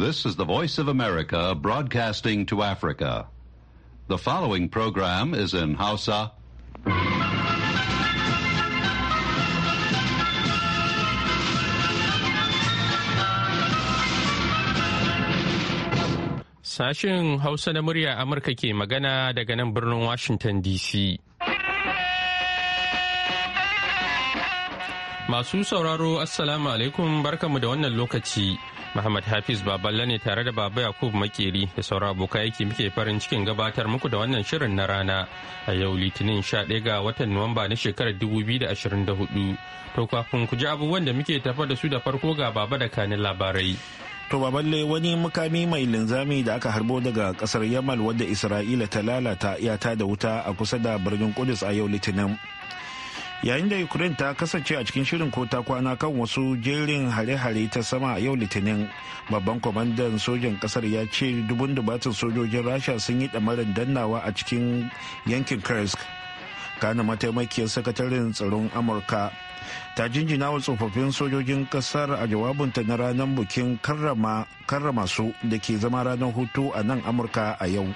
This is the Voice of America broadcasting to Africa. The following program is in Hausa. Sashen Hausa na murya Amurka ke magana daga nan birnin Washington DC. Masu sauraro, Assalamu alaikum barkamu da wannan lokaci. Muhammad Hafiz Baballe ne tare da Baba Yakubu Makeri da sauran abokai aiki muke farin cikin gabatar muku da wannan shirin na rana a yau Litinin 11 ga watan Nuwamba na shekarar 2024. To kafin ku ji abubuwan da muke tafa da su da farko ga Baba da kanin labarai. To Baballe wani mukami mai linzami da aka harbo daga kasar Yamal wadda Isra'ila ta lalata iyata da wuta a kusa da birnin Kudus a yau Litinin. yayin da ukraine ta kasance a cikin shirin ko ta kwana kan wasu jerin hare-hare ta sama a yau litinin babban kwamandan sojan kasar ya ce dubun dubatin sojojin rasha sun yi damarin dannawa a cikin yankin kursk kana mataimakiyar sakataren tsaron amurka ta jinjina wa tsofaffin sojojin kasar a jawabinta na ranar bukin karrama su da ke zama ranar hutu a nan amurka a yau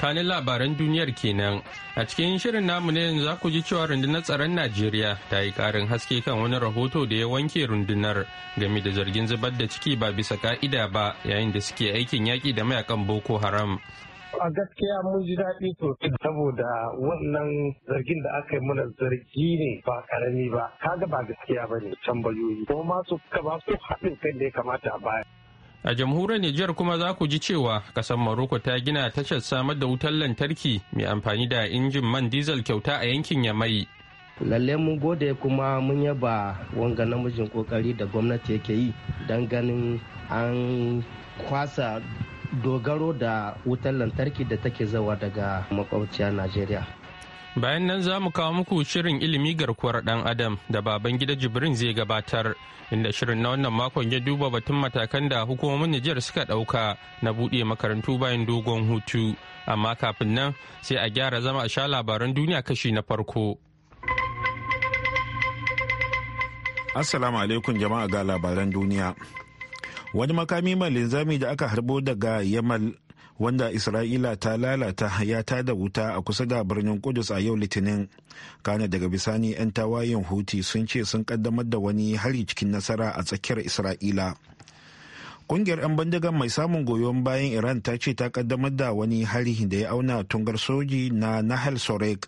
kanin labaran duniyar kenan a cikin shirin namu ne yanzu za ku ji cewa rundunar tsaron najeriya ta yi karin haske kan wani rahoto da ya wanke rundunar game da zargin zubar da ciki ba bisa ka'ida ba yayin da suke aikin yaƙi da mayakan boko haram a gaskiya mun ji daɗi sosai saboda wannan zargin da aka yi mana zargi ne ba karami ba kaga ba gaskiya ba ne tambayoyi kuma su ka ba su haɗin kai da ya kamata a baya A jamhuriyar Nijar kuma za ku ji cewa kasar Morocco ta gina tashar samar da wutar lantarki mai amfani da injin man diesel kyauta a yankin Yamai. lalle mu gode kuma mun yaba wanga namijin kokari da gwamnati yake yi don ganin an kwasa dogaro da wutar lantarki da take zawa daga makwabciya najeriya Bayan nan za mu kawo muku shirin ilimi garkuwar ɗan Adam da baban gida Jibrin zai gabatar, inda shirin na wannan makon ya duba batun matakan da hukumomin Nijar suka ɗauka na buɗe makarantu bayan dogon hutu. Amma kafin nan sai a gyara zama a sha labaran duniya kashi na farko. Assalamu alaikum jama'a ga labaran duniya. Wani makami mai linzami da aka harbo daga Yamal wanda isra'ila ta lalata ya ta da wuta a kusa da birnin kudus a yau litinin kana daga bisani 'yan tawayen huti sun ce sun kaddamar da wani hari cikin nasara a tsakiyar isra'ila kungiyar 'yan bandiga mai samun goyon bayan iran ta ce ta kaddamar da wani hari da ya auna tungar soji na nahal sorek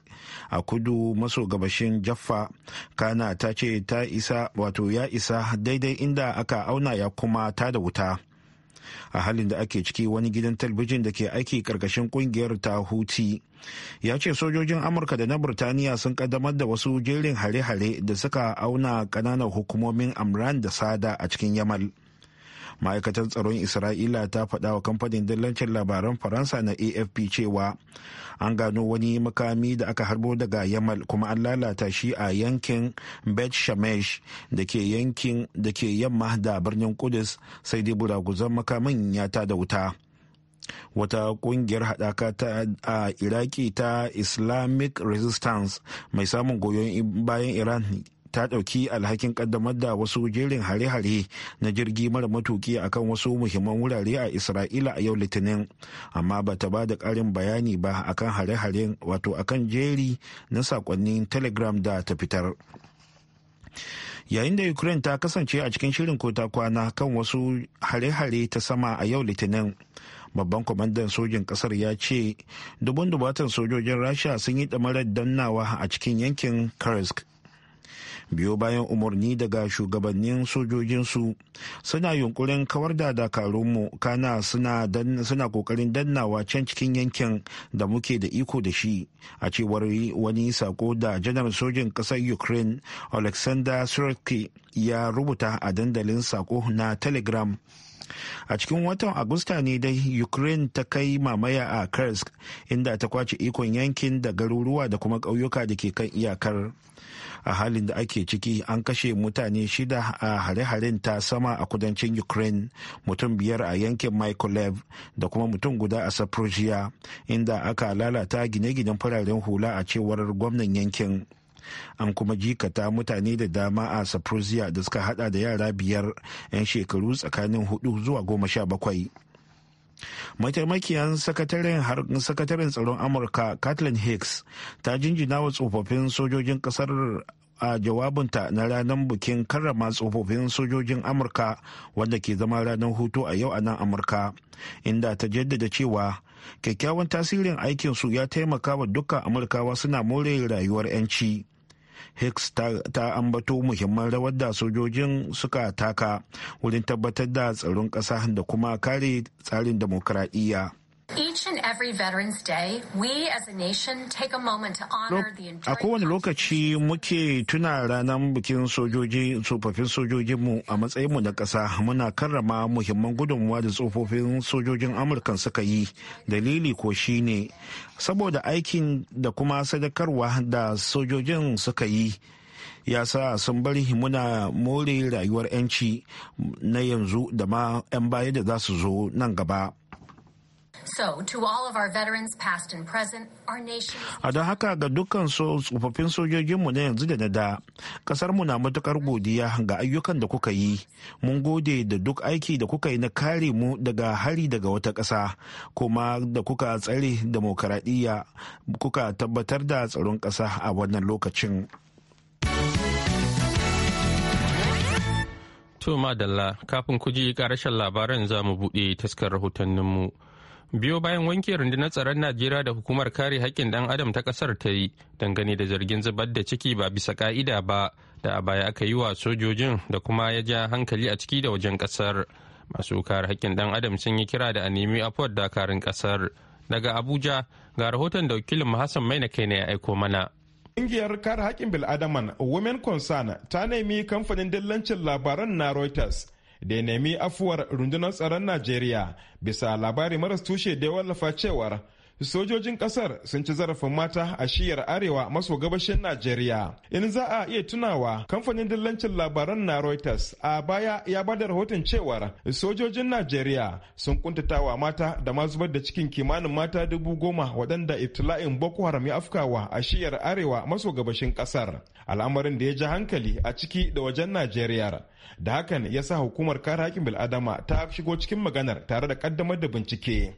a kudu maso gabashin jaffa kana ta ce ta isa wato ya isa daidai inda aka auna ya kuma ta da wuta a halin da ake ciki wani gidan talbijin da ke aiki karkashin kungiyar ta huti ya ce sojojin amurka da na burtaniya sun kaddamar da wasu jerin hare-hare da suka auna ƙananan hukumomin amran da sada a cikin yamal ma'aikatar tsaron isra'ila ta faɗa wa kamfanin dillancin labaran faransa na afp cewa an gano wani makami da aka harbo daga yamal kuma an lalata shi a yankin bet shamesh da ke yankin da ke yamma da birnin kudus sai dai buraguzan makamin ya ta da wuta wata kungiyar haɗaka ta a iraki ta islamic resistance mai samun goyon bayan iran ta ɗauki alhakin ƙaddamar da wasu jerin hare-hare na jirgi mara matuki akan wasu muhimman wurare a isra'ila a yau litinin amma ba ta ba da ƙarin bayani ba akan hare-haren wato akan jeri na saƙonnin telegram da ta fitar yayin da ukraine ta kasance a cikin shirin kota kwana kan wasu hare-hare ta sama a yau litinin babban kwamandan sojin kasar ya ce dubun dubatan sojojin rasha sun yi damarar dannawa a cikin yankin kursk biyo bayan umarni daga shugabannin sojojinsu suna yunkurin kawar da dakarunmu kana suna kokarin dannawa can cikin yankin da muke da iko da shi a cewar wani sako da janar sojin ƙasar ukraine alexander surotsky ya rubuta a dandalin sako na telegram a cikin watan agusta ne dai ukraine ta kai mamaya a kursk inda ta kwace ikon yankin da garuruwa da kuma ƙauyuka da ke kan iyakar a halin da ake ciki an kashe mutane shida a hare-haren ta sama a kudancin ukraine mutum biyar a yankin mikolev da kuma mutum guda a saprosia inda aka lalata gine-ginen fararen hula a cewar gwamnan yankin an kuma jikata mutane da dama a saprosia da suka hada da yara biyar 'yan shekaru tsakanin hudu zuwa goma sha bakwai mataimakiyan sakataren tsaron amurka kathleen hicks ta jinjina wa tsofaffin sojojin kasar a jawabinta na ranar bikin karrama tsofaffin sojojin amurka wanda ke zama ranar hutu a yau a nan amurka inda ta jaddada cewa kyakkyawan tasirin aikinsu ya taimaka wa duka amurkawa suna more rayuwar 'yanci hicks ta, ta ambato muhimman rawar da sojojin suka taka wurin tabbatar da tsaron ƙasa da kuma kare tsarin demokradiyya. as A kowane lokaci muke tuna ranar bikin sojoji tsofaffin sojojinmu a matsayinmu na ƙasa muna karrama muhimman gudunmuwa da tsofaffin sojojin Amurka suka yi dalili ko shi ne saboda aikin da kuma sadakarwa da sojojin suka yi ya sa sun bari muna more rayuwar 'yanci na yanzu da ma 'yan baya da za su zo nan gaba. A don haka ga dukkan tsofaffin sojojinmu na yanzu da na da, mu na matukar godiya ga ayyukan da kuka yi. Mun gode da duk aiki da kuka yi na kare mu daga hari daga wata ƙasa, kuma da kuka tsare demokaradiyya kuka tabbatar da tsaron ƙasa a wannan lokacin. To madalla kafin ku ji ƙarashen labaran za mu buɗe taskar rahotanninmu. biyo bayan wanke rundunar tsaron najeriya da hukumar kare haƙƙin ɗan adam ta ƙasar ta yi dangane da zargin zubar da ciki ba bisa ƙa'ida ba da a baya aka yi wa sojojin da kuma ya ja hankali a ciki da wajen ƙasar masu kare haƙƙin ɗan adam sun yi kira da a nemi afuwar dakarun ƙasar daga abuja ga rahoton da wakilin hassan maina kai ne ya aiko mana Ƙungiyar kare haƙƙin bil'adaman Women Concern ta nemi kamfanin dillancin labaran na Reuters da ya nemi afuwar rundunar tsaron najeriya bisa labari maras tushe da ya wallafa cewar sojojin kasar sun ci zarafin mata a shiyar arewa maso gabashin najeriya in za a iya tunawa kamfanin dillancin labaran na reuters a baya ya bada rahoton cewar sojojin najeriya sun kuntatawa mata da ma zubar da cikin kimanin mata dubu goma waɗanda ibtila'in boko haram ya afkawa a shiyar arewa maso gabashin kasar al'amarin da ya ji hankali a ciki da wajen najeriya da hakan ya sa hukumar kare haƙƙin bil'adama ta shigo cikin maganar tare da ƙaddamar da bincike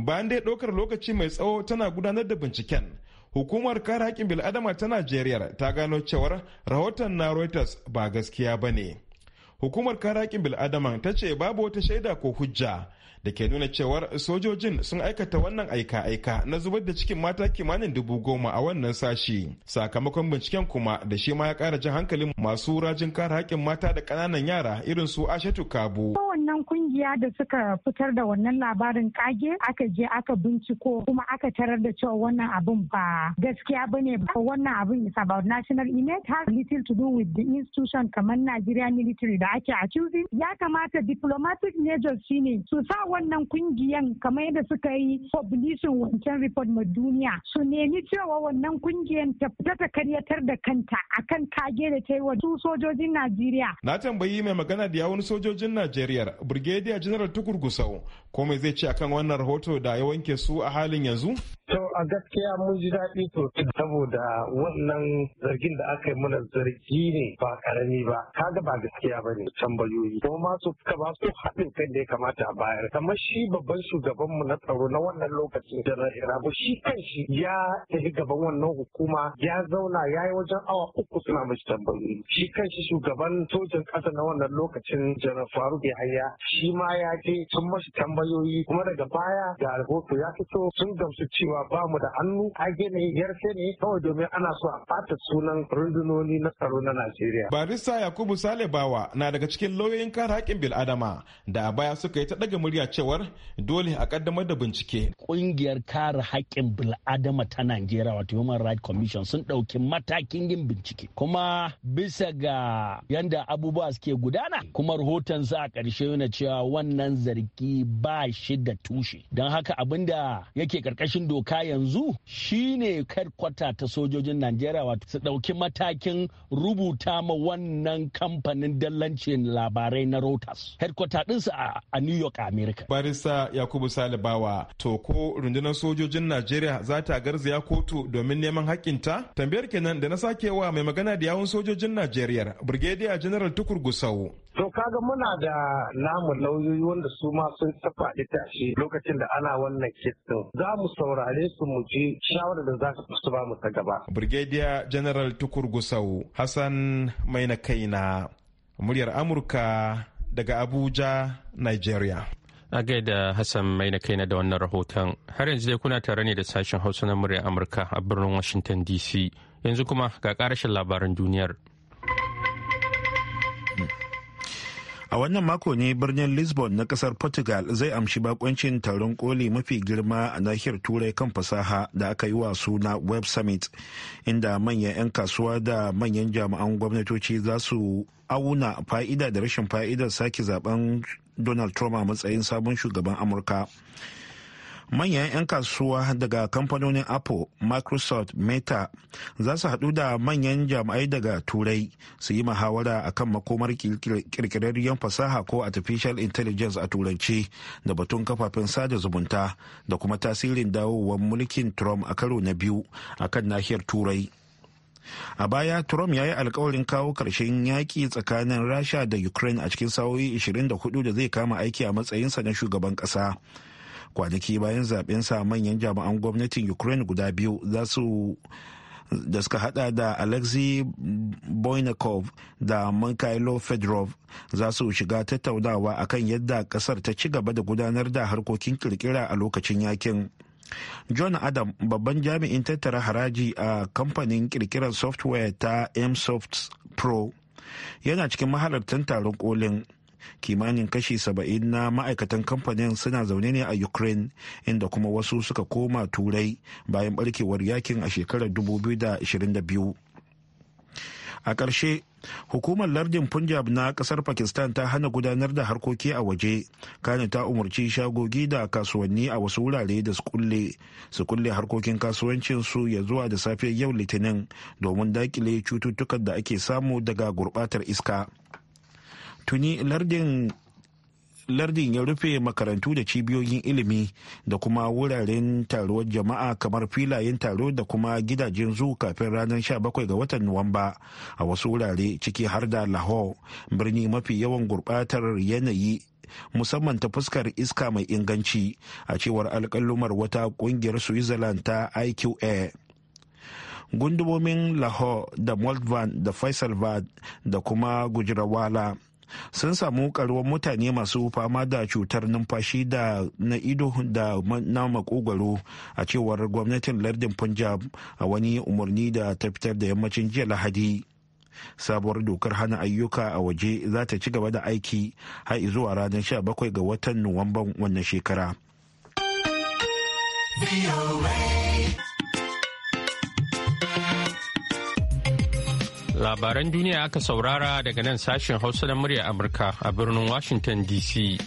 bayan da ya ɗaukar lokaci mai tsawo tana gudanar da binciken hukumar kare haƙƙin bil'adama ta najeriya ta gano cewar rahoton na reuters ba gaskiya ba ne hukumar kare haƙƙin bil'adama ta ce babu wata shaida ko hujja da ke nuna cewar sojojin sun aikata wannan aika-aika na zubar da cikin mata kimanin dubu goma a wannan sashi sakamakon binciken kuma da shi ma ya kara jan hankalin masu rajin kare haƙƙin mata da ƙananan yara irin su ashatu kabu wannan kungiya da suka fitar da wannan labarin kage aka je aka binciko kuma aka tarar da cewa wannan abin ba gaskiya ba ne ba wannan abin is about national image has little to do with the institution kamar Nigeria military da ake accusing ya kamata diplomatic measures shine su sa wannan kungiyan kamar yadda suka yi publishing wancan report ma duniya su nemi cewa wannan kungiyan ta ta karyatar da kanta akan kage da ta yi wa sojojin Najeriya. Na tambayi mai magana da yawun sojojin Najeriya Brigadier General Tukur Gusau ko mai zai ce akan wannan rahoto da ya wanke su a halin yanzu? To a gaskiya mun ji daɗi sosai saboda wannan zargin da aka yi mana zargi ne ba karami ba kaga ba gaskiya ba ne tambayoyi kuma masu suka ba su haɗin kan da ya kamata a bayar amma shi babban shugaban mu na tsaro na wannan lokacin da irabu shi kanshi ya tafi gaban wannan hukuma ya zauna ya yi wajen awa uku suna mashi tambayoyi shi kanshi shugaban sojan ƙasa na wannan lokacin janar faruk yahaya shi ma ya je sun mashi tambayoyi kuma daga baya da rahoto ya fito sun gamsu cewa ba mu da hannu a gene yarfe ne kawai domin ana so a ɓata sunan rundunoni na tsaro na najeriya barista yakubu sale bawa na daga cikin lauyoyin kare haƙƙin bil'adama da a baya suka yi ta ɗaga murya cewar dole a kaddamar da bincike. Kungiyar kare haƙƙin bil'adama ta Najeriya wato Human Rights Commission sun ɗauki matakin yin bincike. Kuma bisa ga yanda abubuwa suke gudana kuma rahoton sa a ƙarshe yana cewa wannan zargi ba shi da tushe. Don haka abin da yake ƙarƙashin doka yanzu shine karkwata ta sojojin Najeriya wato su ɗauki matakin rubuta ma wannan kamfanin dallancin labarai na Reuters. Headquarter ɗinsu a New York America. amurka barista yakubu salibawa to ko rundunar sojojin najeriya za ta garzaya kotu domin neman hakinta. tambayar kenan da na sake wa mai magana da yawun sojojin najeriya brigadier general tukur gusau To kaga muna da namu lauyoyi wanda su ma sun tafaɗi tashi lokacin da ana wannan kitin. Za mu saurare su mu ji shawarar da za su ba mu ta gaba. Brigadier General Tukur Gusau Hassan Maina Kaina, muryar Amurka daga Abuja, Nigeria. A gaida Hassan mai na kaina da wannan rahoton. Har yanzu dai kuna tare ne da sashen Hausa na murya Amurka a birnin Washington DC. Yanzu kuma ga karashin labaran duniyar. A wannan mako ne birnin Lisbon na kasar Portugal zai amshi bakoncin taron koli mafi girma a nahiyar Turai kan fasaha da aka yi wa suna Web Summit, inda manyan 'yan kasuwa da manyan jami'an gwamnatoci za su auna fa'ida da rashin fa'idar sake zaben donald trump a matsayin sabon shugaban amurka manyan 'yan kasuwa daga kamfanonin apple microsoft meta za su haɗu da manyan jami'ai daga turai su yi muhawara kan makomar ƙirƙirarriyar fasaha ko artificial intelligence a turanci da batun kafafen sada zumunta da kuma tasirin dawowar mulkin trump a karo na biyu a kan nahiyar turai a baya trump ya yi alkawarin kawo ƙarshen yaƙi tsakanin rasha da ukraine a cikin sa'o'i 24 da zai kama aiki a matsayinsa na shugaban ƙasa kwanaki bayan sa manyan jami'an gwamnatin ukraine guda biyu za su da suka hada da alexei boynikov da mikhailo fedorov za su shiga tattaunawa akan yadda kasar ta ci gaba da gudanar da harkokin kirkira a lokacin yakin john adam babban jami'in tattara haraji a kamfanin kirkirar software ta msoft pro yana cikin mahalartan taron kolin kimanin kashi saba'in na ma'aikatan kamfanin suna zaune ne a ukraine inda kuma wasu suka koma turai bayan barkewar yakin a shekarar 2022 a ƙarshe hukumar lardin punjab na ƙasar pakistan ta hana gudanar da harkoki a waje kane ta umarci shagogi da kasuwanni a wasu wurare da su kulle harkokin kasuwancin su ya zuwa da safe yau litinin domin daƙile cututtukan da ake samu daga gurbatar iska tuni lardin lardin ya rufe makarantu da cibiyoyin ilimi da kuma wuraren taruwar jama'a kamar filayen taro da kuma gidajen zu kafin ranar 17 ga watan nuwamba a wasu wurare ciki har da lahore birni mafi yawan gurbatar yanayi musamman ta fuskar iska mai inganci a cewar alkalumar wata ƙungiyar switzerland ta iqa gundumomin lahore da moldvan da faisalvad da kuma gujirawala sun samu karuwar mutane masu fama da cutar numfashi da na ido da na makogwaro a cewar gwamnatin lardin punjab a wani umarni da ta fitar da yammacin jiya lahadi sabuwar dokar hana ayyuka a waje za ta ci gaba da aiki har zuwa ranar 17 ga watan nuwamban wannan shekara. Labaran duniya aka saurara daga nan sashen Hausa na murya Amurka a birnin Washington DC.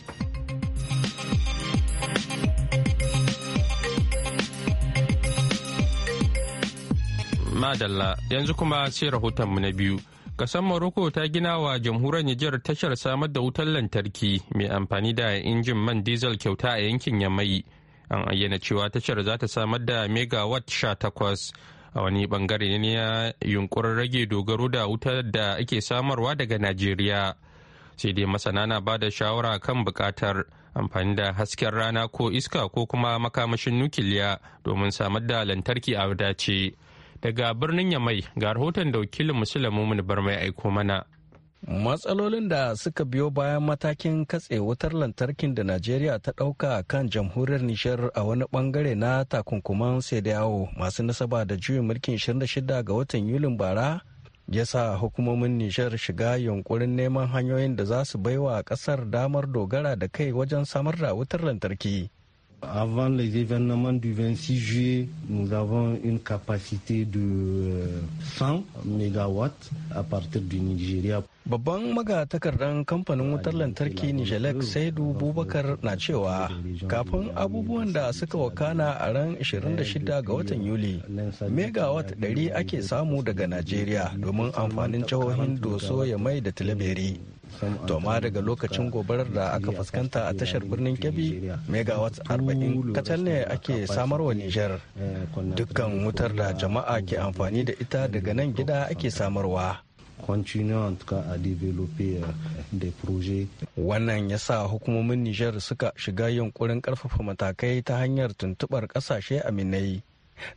Madalla yanzu kuma sai rahotonmu na biyu. Kasan Morocco ta gina wa jamhuriyar Nijar tashar samar da wutar lantarki mai amfani da injin man diesel kyauta a yankin Yamai. An ayyana cewa tashar za ta samar da megawatt 18 a wani bangare ne ya yunkurin rage dogaro da wutar da ake samarwa daga najeriya sai dai masana na ba da shawara kan bukatar amfani da hasken rana ko iska ko kuma makamashin nukiliya domin samar da lantarki a wadace daga birnin yamai ga rahoton da wakilin musulmi bar mai aiko mana matsalolin da suka biyo bayan matakin katse wutar lantarkin da najeriya ta ɗauka kan jamhuriyar nishar a wani bangare na takunkuman yawo masu nasaba da juyin mulkin 26 ga watan yulin bara ya sa hukumomin nishar shiga yunkurin neman hanyoyin da za su baiwa kasar damar dogara da kai wajen samar da wutar lantarki Avant les événements du 26 juillet, nous avons une capacité de 100 MW à partir du Nigeria. babban magatakardan kamfanin wutar lantarki nijelek saidu bubakar na cewa kafin abubuwan da suka wakana a ran 26 ga watan yuli megawatt ɗari ake samu daga najeriya domin amfanin jihohin doso ya mai da tilaberi to amma daga lokacin gobarar da aka fuskanta a tashar birnin kebbi megawatt 40 kacal ne ake samarwa nijar dukkan wutar da jama'a ke amfani da ita daga nan gida ake samarwa continuer en tout cas à développer euh, des projets. Wannan ya sa hukumomin Nijar suka shiga yunkurin karfafa matakai ta hanyar tuntubar kasashe aminai.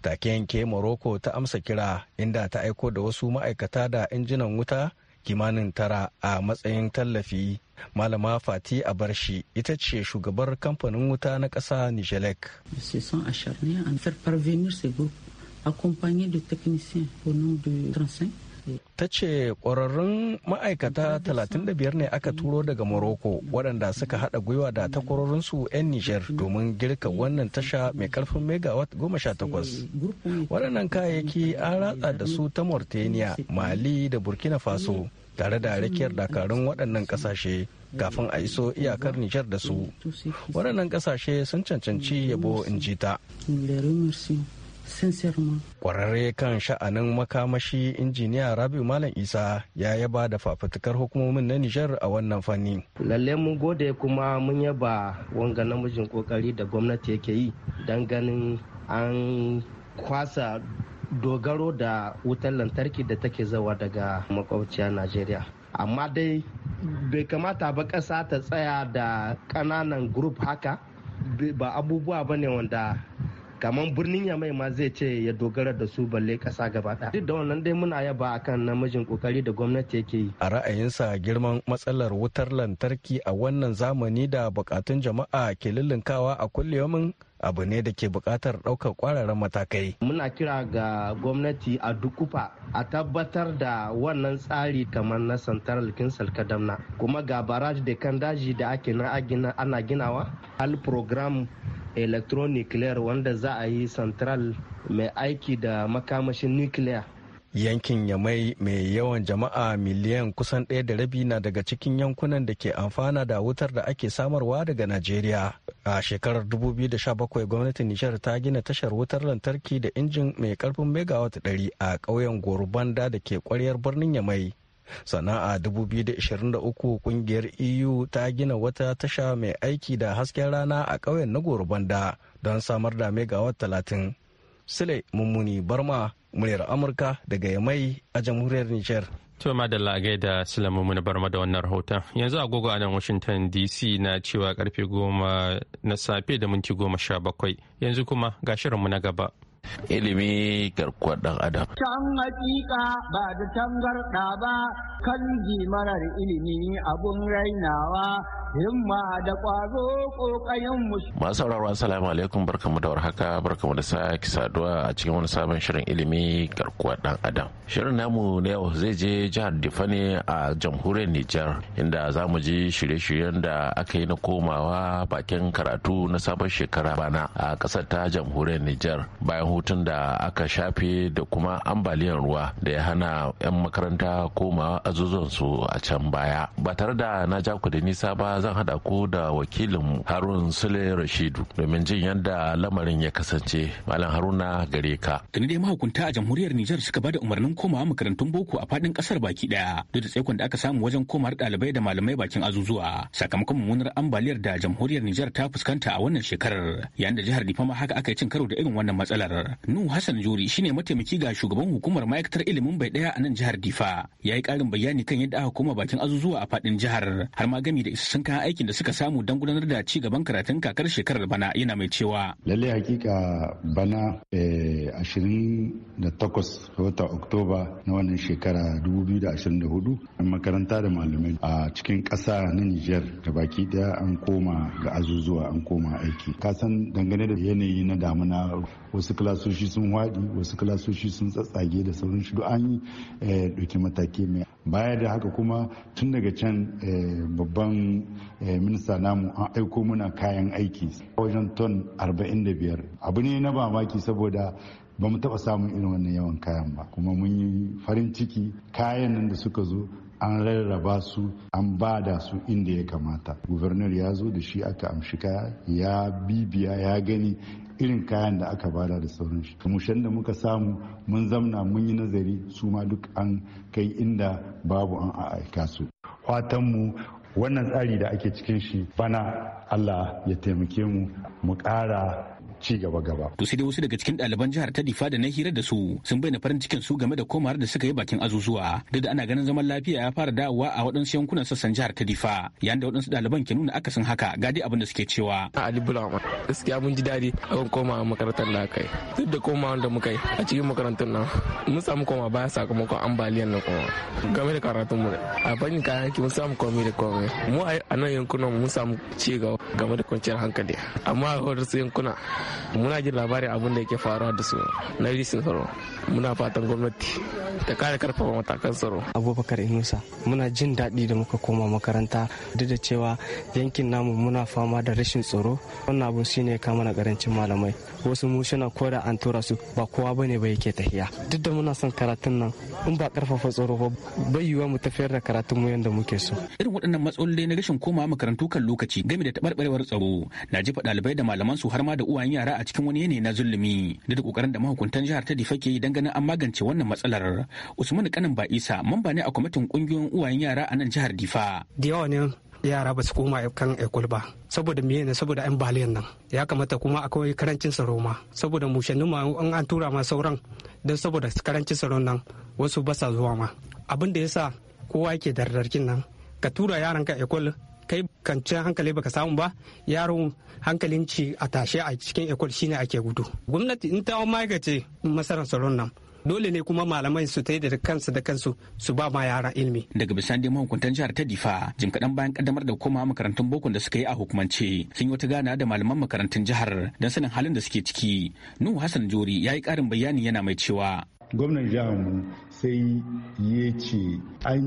Take yanke Morocco ta amsa kira inda ta aiko da wasu ma'aikata da injinan wuta kimanin tara a matsayin tallafi. Malama Fati Abarshi ita ce shugabar kamfanin wuta na ƙasa Nijelek. accompagné de techniciens au nom de 35 ta ce ƙwararrun ma'aikata 35 ne aka turo daga morocco waɗanda suka haɗa gwiwa da takwarorinsu 'yan niger domin girka wannan tasha mai karfin megawatt takwas waɗannan kayayyaki an ratsa da su ta mauritania mali da burkina faso tare da rakiyar dakarun waɗannan ƙasashe kafin a iso iyakar nijar da su waɗannan ƙasashe sun cancanci yabo in ji ta Kwararre kan sha'anin makamashi injiniya Rabiu Malam Isa ya yaba da fafutukar hukumomin na Nijar a wannan fanni. Lalle mun gode kuma mun yaba wanga namijin kokari da gwamnati yake yi don ganin an kwasa dogaro da wutar lantarki da take zawa daga makwabciya Najeriya. Amma dai bai kamata ba ƙasa ta tsaya da ƙananan grup haka ba abubuwa ba ne wanda kamar birnin yamai ma zai ce ya dogara da su balle kasa gaba ɗaya duk da wannan dai muna yaba akan namijin kokari da gwamnati yake yi a ra'ayinsa girman matsalar wutar lantarki a wannan zamani da bukatun jama'a ke lullunkawa a kulliyomin abu ne da ke buƙatar ɗaukar ƙwararren matakai. Muna kira ga gwamnati a dukufa a tabbatar da wannan tsari kamar na santaral kinsal kadamna kuma ga baraj da kan daji da ake na ana ginawa hal program electronuclear wanda za a yi central mai aiki da makamashin nuclear yankin yamai mai yawan jama'a miliyan kusan ɗaya da rabi na daga cikin yankunan da ke amfana da wutar da ake samarwa daga najeriya a shekarar 2017 gwamnatin nishar ta gina tashar wutar lantarki da injin mai karfin megawatt 100 a ƙauyen gorubanda da ke kwaryar birnin yamai sana'a 2023 kungiyar eu ta gina wata tasha mai aiki da hasken rana a ƙauyen na gorobanda don samar da megawatt talatin sule mummuni barma muryar amurka daga yamai a jamhuriyar niger To madalla a gaida silamu barma da wannan rahoton. Yanzu agogo a nan Washington DC na cewa karfe goma na safe da minti goma sha bakwai. Yanzu kuma ga shirinmu na gaba. Ilimi garkuwar ɗan adam. Can hakika ba da tangarɗa ba kan marar ilimi abun rainawa himma da ƙwazo ƙoƙayen musu. Masu sauraro assalamu alaikum barkamu da warhaka barkamu da sake saduwa a cikin wani sabon shirin ilimi garkuwar ɗan adam. Shirin namu na yau zai je jihar Difane a jamhuriyar Nijar inda za mu ji shirye-shiryen da aka yi na komawa bakin karatu na sabon shekara bana a ƙasar ta jamhuriyar Nijar bayan hutun da aka shafe da kuma ambaliyar ruwa da ya hana 'yan makaranta komawa su a can baya ba tare da na ja ku da nisa ba zan hada ku da wakilin harun sule rashidu domin jin yadda lamarin ya kasance malam haruna gare ka da dai mahukunta a jamhuriyar nijar suka bada umarnin komawa makarantun boko a fadin kasar baki daya duk da tsaikon da aka samu wajen komawar dalibai da malamai bakin azuzuwa sakamakon mummunar ambaliyar da jamhuriyar nijar ta fuskanta a wannan shekarar yayin da jihar difama ma haka aka yi cin karo da irin wannan matsalar jihar. Nuhu Hassan Jori shine mataimaki ga shugaban hukumar ma'aikatar ilimin bai daya a nan jihar Difa. Ya yi karin bayani kan yadda aka koma bakin azuzuwa a fadin jihar har ma gami da isassun kayan aikin da suka samu don gudanar da ci gaban karatun kakar shekarar bana yana mai cewa. Lalle hakika bana eh, ashirin da takwas watan Oktoba na wannan shekara dubu biyu da ashirin hudu an makaranta da malamai a cikin ƙasa na Nijar da baki daya an koma ga azuzuwa an koma aiki. Kasan dangane da yanayi na damuna wasu kilasoshi sun waɗi wasu kilasoshi sun tsatsage da sauran shi an yi eh, ɗauki mataki mai baya da haka kuma tun daga can eh, babban eh, minista namu an aiko muna kayan aiki wajen ton 45 abu ne na mamaki saboda ba mu taɓa samun irin wannan yawan kayan ba kuma mun yi farin ciki kayan nan da suka zo an rarraba su an bada su inda ya kamata gubernur ya zo da shi aka amshi kaya ya bibiya ya gani irin kayan da aka bada da sauran shi kamushan da muka samu mun zamna mun yi nazari su ma duk an kai inda babu an aika su mu wannan tsari da ake cikin shi bana allah ya taimake mu mu kara. ci gaba gaba. To sai dai wasu daga cikin ɗaliban jihar ta Difa da na hira da su sun bayyana farin cikin su game da komawar da suka yi bakin azuzuwa duk da ana ganin zaman lafiya ya fara dawowa a waɗansu yankunan sassan jihar ta Difa yayin da waɗansu ɗaliban ke nuna akasin haka gadi abin da suke cewa. A Ali Bulama gaskiya mun ji daɗi akan komawa makarantar da aka yi duk da komawa da muka yi a cikin makarantar nan mun samu koma baya sakamakon ambaliyar nan kuma game da karatun mu a fannin kayan mun samu komai da komai mu a nan yankunan mun samu ci gaba game da kwanciyar hankali amma a horar yankuna muna jin labarin abin da yake faruwa da su na rishin tsaro muna fatan gwamnati ta kare karfafa matakan tsaro abubakar inusa muna jin daɗi da muka koma makaranta duk da cewa yankin namu muna fama da rashin tsaro wannan abu shine kama na karancin malamai wasu mu suna koda an tura su ba kowa bane ba yake tahiya duk da muna son karatun nan in ba karfafa tsaro ba bai yiwuwa mu tafiyar da karatun mu yadda muke so irin waɗannan matsaloli na rashin komawa makarantu kan lokaci game da taɓarɓarewar tsaro na jefa ɗalibai da malaman su har ma da uwayen yara a cikin wani yanayi na zulumi duk kokarin da mahukuntan jihar ta difa ke don ganin an magance wannan matsalar usman kanin ba isa mamba ne a kwamitin kungiyoyin uwayen yara a nan jihar difa da yawa ne yara ba su koma kan ekol ba saboda miye ne saboda yan baliyan nan ya kamata kuma akwai karancin tsaro ma saboda mushannin ma an an tura ma sauran don saboda karancin tsaro nan wasu ba sa zuwa ma abin da yasa kowa yake dardarkin nan ka tura yaran ka ekol kai kancin hankali baka samu ba yaron hankalin ci a tashe a cikin ekol shine ake gudu gwamnati in ta ce masarar tsaron nan dole ne kuma malamai su ta yi da kansu da kansu su ba ma yara ilimi. Daga bisani dai mahukuntan jihar ta difa jim kadan bayan kaddamar da koma makarantun bokon da suka yi a hukumance sun yi wata gana da malaman makarantun jihar don sanin halin da suke ciki. Nuhu Hassan Jori ya yi ƙarin bayani yana mai cewa. Gwamnan jihar mu sai ya ce an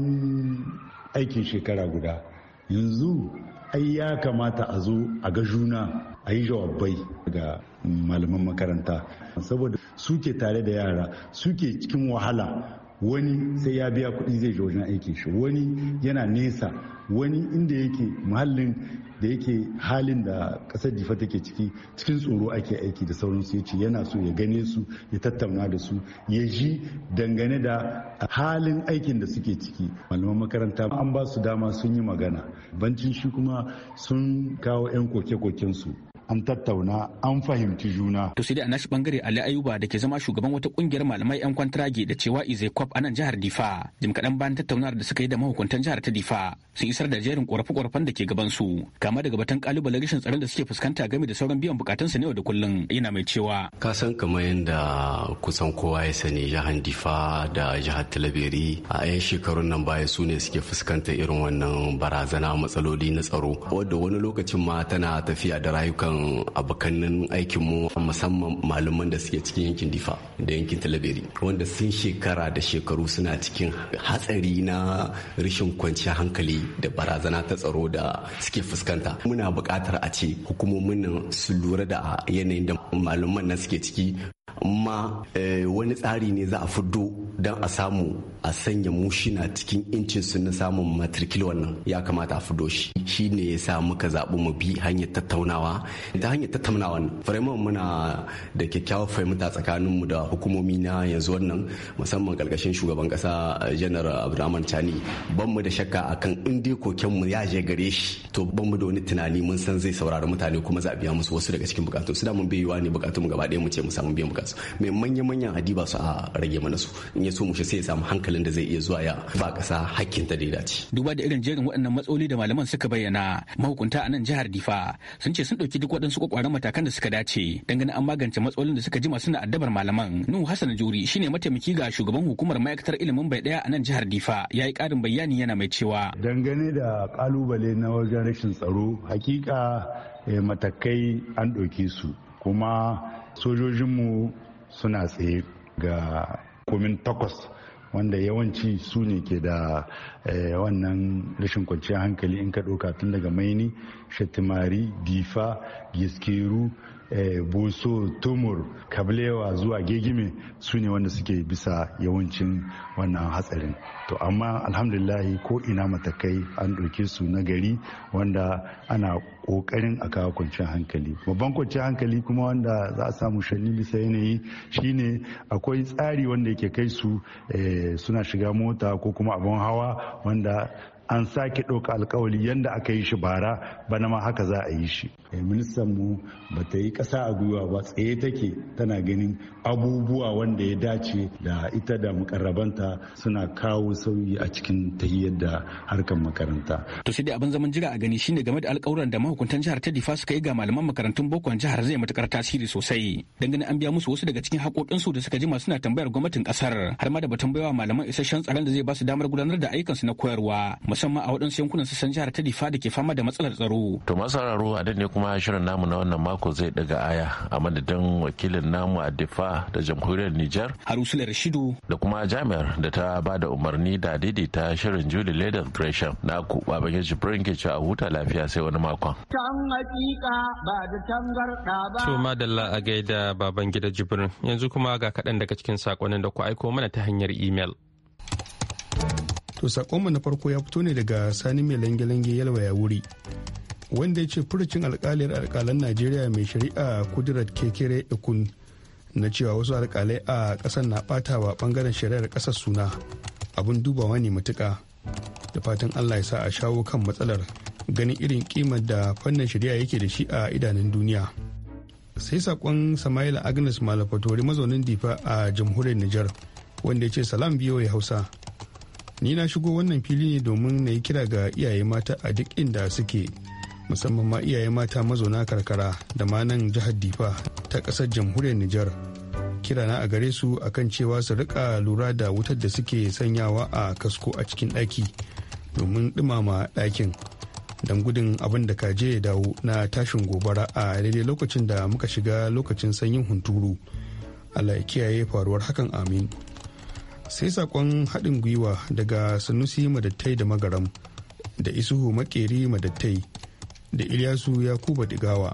aikin shekara guda yanzu ai ya kamata a zo a ga juna a yi jawabai ga malaman makaranta saboda suke tare da yara suke cikin wahala wani sai ya biya kuɗi zai je wajen aikin shi wani yana nesa wani inda yake muhallin da yake halin da kasar difa take ciki cikin tsoro ake aiki da sauransu ya ce yana so ya gane su ya tattauna da su ya ji dangane da halin aikin da suke ciki malaman makaranta an ba su dama sun yi magana bancin shi kuma sun kawo 'yan koke koken su an tattauna an fahimci juna. To sai da nashi bangare Ali Ayuba da ke zama shugaban wata kungiyar malamai 'yan kwantiragi da cewa Izai Kwaf a nan jihar Difa. Jim kaɗan bayan tattaunawar da suka yi da mahukuntan jihar ta Difa sun isar da jerin ƙorafe-ƙorafen da ke gaban su. Kama daga batun ƙalubalen rashin tsaron da suke fuskanta game da sauran biyan bukatun su ne yau da kullum yana mai cewa. Ka san kamar yadda kusan kowa ya sani jihar Difa da jihar Talabiri a 'yan shekarun nan baya su ne suke fuskantar irin wannan barazana matsaloli na tsaro wadda wani lokacin ma tana tafiya da rayukan dukkan abokanin mu musamman malaman da suke cikin yankin difa da yankin talabiri wanda sun shekara da shekaru suna cikin hatsari na rashin kwanciyar hankali da barazana ta tsaro da suke fuskanta muna buƙatar a ce hukumomin su lura da yanayin da malaman nan suke ciki amma eh, wani tsari ne za a fiddo don a samu a sanya mushi na cikin incin su na samun matrikil wannan ya kamata a fudo shi shi ne ya sa muka zaɓi mu bi hanyar tattaunawa ta hanyar tattaunawa wannan muna da kyakkyawar fahimta tsakanin mu da hukumomi na yanzu wannan musamman karkashin shugaban kasa janar eh, abdulrahman chani ban mu da shakka akan in dai koken mu ya je gare shi to ban mu da wani tunani mun san zai saurari mutane kuma za a biya musu wasu daga cikin bukatu su da mun bai ne bukatun mu gaba ɗaya mu ce mu samu biyan bukatu standards mai manya-manyan adiba su a rage mana su in ya so mushe sai ya samu hankalin da zai iya zuwa ya ba kasa hakkin ta da dace. Duba da irin jerin waɗannan matsaloli da malaman suka bayyana mahukunta a nan jihar Difa sun ce sun ɗauki duk waɗansu kwakwaran matakan da suka dace dangane an magance matsalolin da suka jima suna addabar malaman. Nuhu Hassan Juri shine mataimaki ga shugaban hukumar ma'aikatar ilimin bai daya a nan jihar Difa ya yi ƙarin bayani yana mai cewa. Dangane da ƙalubale na wajen rashin tsaro hakika eh, matakai an ɗauki su kuma sojojinmu suna tsaye ga komin takwas wanda yawanci su ne ke da eh, wannan rashin kwanciyar hankali in ka ɗauka tun daga maini shatimari difa giskeru Eh, busu tumur kablewa zuwa gegime su ne wanda suke bisa yawancin wannan hatsarin to amma alhamdulillahi ko ina matakai an ɗauke su na gari wanda ana ƙoƙarin a kawo kwanciyar hankali babban kwanciyar hankali kuma wanda za a samu shanni bisa yanayi shine akwai tsari wanda yake kai su eh, suna shiga mota ko kuma abin hawa wanda an sake ɗauka alkawali yadda aka yi shi bara bana ma haka za a yi shi ministan mu ba ta yi kasa a gwiwa ba tsaye take tana ganin abubuwa wanda ya dace da ita da mukarrabanta suna kawo sauyi a cikin tahiyar da harkar makaranta. To sai dai abin zaman jira a gani shine game da alƙawuran da mahukuntan jihar ta Difa suka yi ga malaman makarantun bokon jihar zai matukar tasiri sosai. Dangane an biya musu wasu daga cikin su da suka jima suna tambayar gwamnatin ƙasar har ma da batun baiwa malaman isasshen tsaron da zai ba su damar gudanar da ayyukansu na koyarwa musamman a waɗansu yankunan sassan jihar ta Difa da ke fama da matsalar tsaro. To masararo a ne kuma shirin namu na wannan mako zai daga aya a madadin wakilin namu a difa da jamhuriyar Nijar. da Rashidu. Da kuma jami'ar da ta ba da umarni da daidaita shirin Julie Ladies Gresham na ku baban yaji ke ci a huta lafiya sai wani makon. Can hakika ba da tangarda ba. To madalla a gaida baban gida Jibrin yanzu kuma ga kaɗan daga cikin saƙonin da ku aiko mana ta hanyar imel. To sakonmu na farko ya fito ne daga Sani mai lange-lange yalwa ya wuri. wanda ya ce furucin alkalin alkalan najeriya mai shari'a kudirat kekere ikun na cewa wasu alkalai a kasar na bata wa bangaren shari'ar ƙasar suna abin dubawa ne matuka. da fatan allah ya sa a shawo kan matsalar ganin irin kimar da fannin shari'a yake da shi a idanun duniya sai sakon samaila agnes malafatori mazaunin difa a jamhuriyar niger wanda ya ce salam biyo ya hausa ni na shigo wannan fili ne domin na yi kira ga iyaye mata a duk inda suke musamman ma iyaye mata mazauna karkara da ma nan jihar difa ta kasar jamhuriyar nijar kirana a gare su akan cewa su rika lura da wutar da suke sanyawa a kasko a cikin ɗaki domin ɗumama ɗakin don gudun abin da kaje ya dawo na tashin gobara a daidai lokacin da muka shiga lokacin sanyin hunturu allah ya kiyaye faruwar hakan amin sai sakon haɗin gwiwa daga sanusi madattai da magaram da isuhu makeri madattai da Ilyasu Yakuba Digawa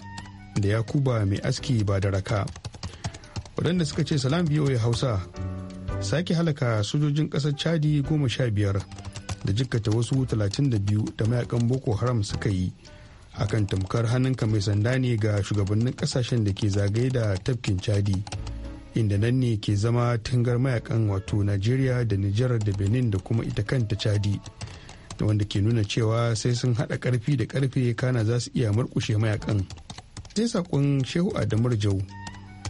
da Yakuba mai aski ba da raka. Waɗanda suka ce salam ya Hausa sake halaka sojojin ƙasar Chadi goma sha biyar da jikkata wasu talatin da biyu da mayakan Boko Haram suka yi. akan tamkar hannunka mai sanda ne ga shugabannin ƙasashen da ke zagaye da tafkin Chadi. Inda nan ne ke zama tangar mayakan wato Najeriya da Nijar da Benin da kuma ita kanta Chadi. wanda ke nuna cewa sai sun haɗa ƙarfi da ƙarfe kana za su iya murƙushe mayakan sai saƙon shehu adamar jau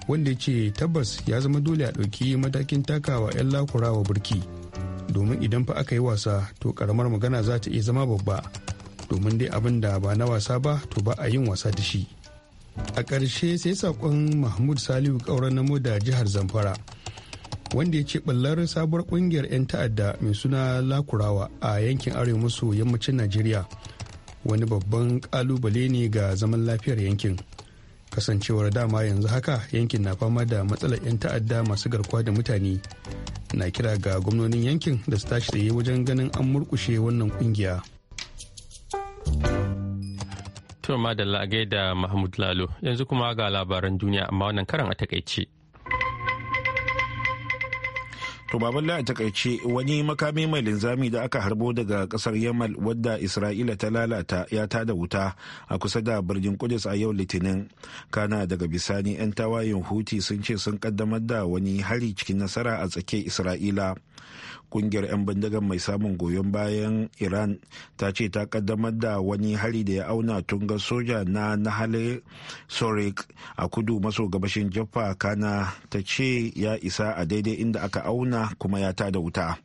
wanda ya ce tabbas ya zama dole a ɗauki matakin takawa 'yan lakura wa burki domin idan fa aka yi wasa to ƙaramar magana za ta iya zama babba domin dai abin da ba na wasa ba to ba a yin wasa da shi a ƙarshe sai saƙon mahmud salihu ƙauren namo da jihar zamfara wanda ya ce ɓallar sabuwar ƙungiyar 'yan ta'adda mai suna lakurawa a yankin arewa maso yammacin najeriya wani babban ƙalubale ne ga zaman lafiyar yankin kasancewar dama yanzu haka yankin na fama da matsalar 'yan ta'adda masu garkuwa da mutane na kira ga gwamnonin yankin da su tashi tsaye wajen ganin an murkushe wannan ƙungiya. To da a gaida Mahmud Lalo yanzu kuma ga labaran duniya amma wannan karan a takaice. To baballa a takaice wani makami mai linzami da aka harbo daga kasar Yamal wadda Isra'ila ta lalata ya da wuta a kusa da birnin Kudus a yau Litinin. Kana daga bisani 'yan tawayen Huti sun ce sun kaddamar da wani hari cikin nasara a tsakiyar Isra'ila kungiyar 'yan bindigar mai samun goyon bayan iran ta ce ta kaddamar da wani hari da ya auna tunga soja na nahale sorik a kudu maso gabashin jaffa kana ta ce ya isa a daidai inda aka auna kuma ya tada wuta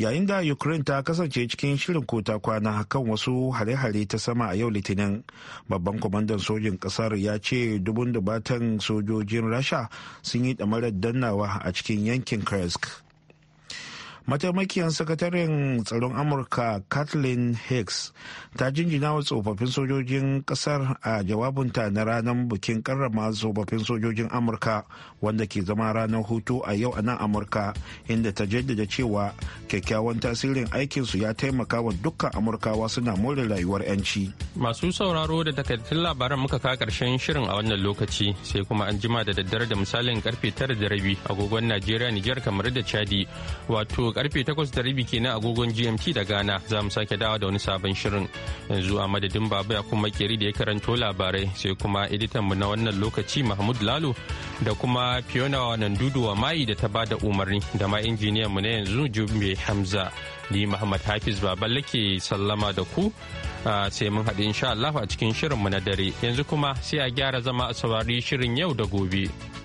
yayin da ukraine ta kasance cikin shirin kota kwana kan wasu hare-hare ta sama a yau litinin babban kwamandan sojin kasar ya ce dubun dubatan sojojin rasha sun yi damarar dannawa a cikin yankin kresk mataimakiyar sakataren tsaron amurka kathleen hicks ta jinjina wa tsofaffin sojojin kasar a jawabinta na ranar bikin karrama tsofaffin sojojin amurka wanda ke zama ranar hutu a yau a nan amurka inda ta jaddada cewa kyakkyawan tasirin aikinsu ya taimaka wa dukkan amurkawa suna more rayuwar 'yanci masu sauraro da takardun labaran muka ka karshen shirin a wannan lokaci sai kuma an jima da daddare da misalin karfe tara da rabi agogon najeriya nijar kamar da chadi wato karfe da 8:30 kenan agogon GMT da Ghana za mu sake dawa da wani sabon shirin. Yanzu a madadin Baba kuma Makeri da ya karanto labarai sai kuma editan mu na wannan lokaci Mahmud Lalo da kuma Fiona wannan Duduwa Mai da ta bada umarni da ma injiniyan mu na yanzu Jumbe Hamza. Ni Muhammad Hafiz Baballe ke sallama da ku sai mun haɗu insha Allah a cikin shirin mu na dare. Yanzu kuma sai a gyara zama a saurari shirin yau da gobe.